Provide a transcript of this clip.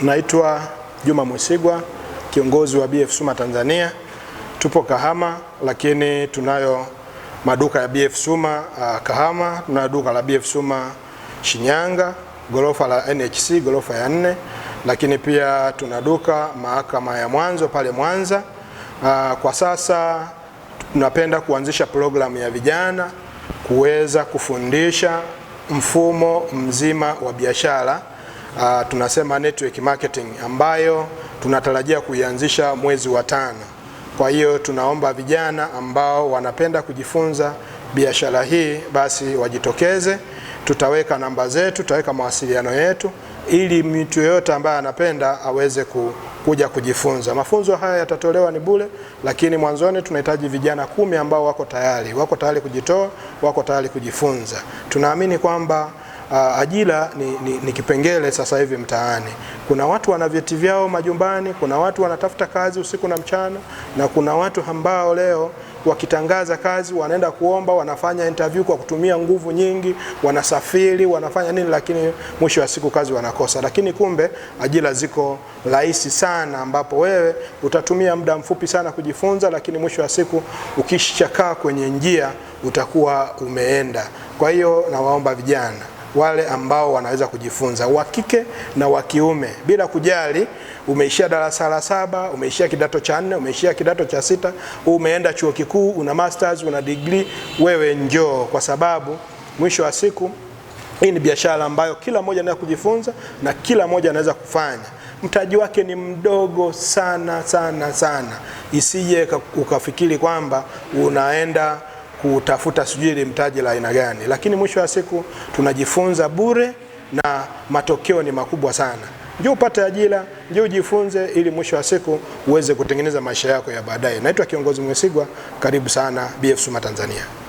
Naitwa Juma Mwesigwa, kiongozi wa BF Suma Tanzania. Tupo Kahama, lakini tunayo maduka ya BF Suma uh, Kahama, tunayo duka la BF Suma Shinyanga, gorofa la NHC, gorofa ya nne, lakini pia tuna duka mahakama ya Mwanzo pale Mwanza. Uh, kwa sasa tunapenda kuanzisha programu ya vijana kuweza kufundisha mfumo mzima wa biashara uh, tunasema network marketing ambayo tunatarajia kuianzisha mwezi wa tano. Kwa hiyo tunaomba vijana ambao wanapenda kujifunza biashara hii basi wajitokeze. Tutaweka namba zetu, tutaweka mawasiliano yetu, ili mtu yeyote ambaye anapenda aweze ku, kuja kujifunza. Mafunzo haya yatatolewa ni bure, lakini mwanzoni tunahitaji vijana kumi ambao wako tayari, wako tayari kujitoa, wako tayari kujifunza. Tunaamini kwamba uh, ajira ni, ni, ni kipengele sasa hivi mtaani. Kuna watu wana vyeti vyao majumbani, kuna watu wanatafuta kazi usiku na mchana, na kuna watu ambao leo wakitangaza kazi wanaenda kuomba, wanafanya interview kwa kutumia nguvu nyingi, wanasafiri, wanafanya nini, lakini mwisho wa siku kazi wanakosa. Lakini kumbe ajira ziko rahisi sana, ambapo wewe utatumia muda mfupi sana kujifunza, lakini mwisho wa siku ukishakaa kwenye njia utakuwa umeenda. Kwa hiyo nawaomba vijana wale ambao wanaweza kujifunza wa kike na wa kiume, bila kujali umeishia darasa la saba, umeishia kidato cha nne, umeishia kidato cha sita, umeenda chuo kikuu, una masters, una degree, wewe njoo, kwa sababu mwisho wa siku hii ni biashara ambayo kila mmoja anaweza kujifunza na kila mmoja anaweza kufanya. Mtaji wake ni mdogo sana sana sana, isije ukafikiri kwamba unaenda kutafuta sijui ile mtaji la aina gani, lakini mwisho wa siku tunajifunza bure na matokeo ni makubwa sana. Njoo upate ajira, njoo ujifunze, ili mwisho wa siku uweze kutengeneza maisha yako ya baadaye. Naitwa Kiongozi Mwesigwa, karibu sana BF Suma Tanzania.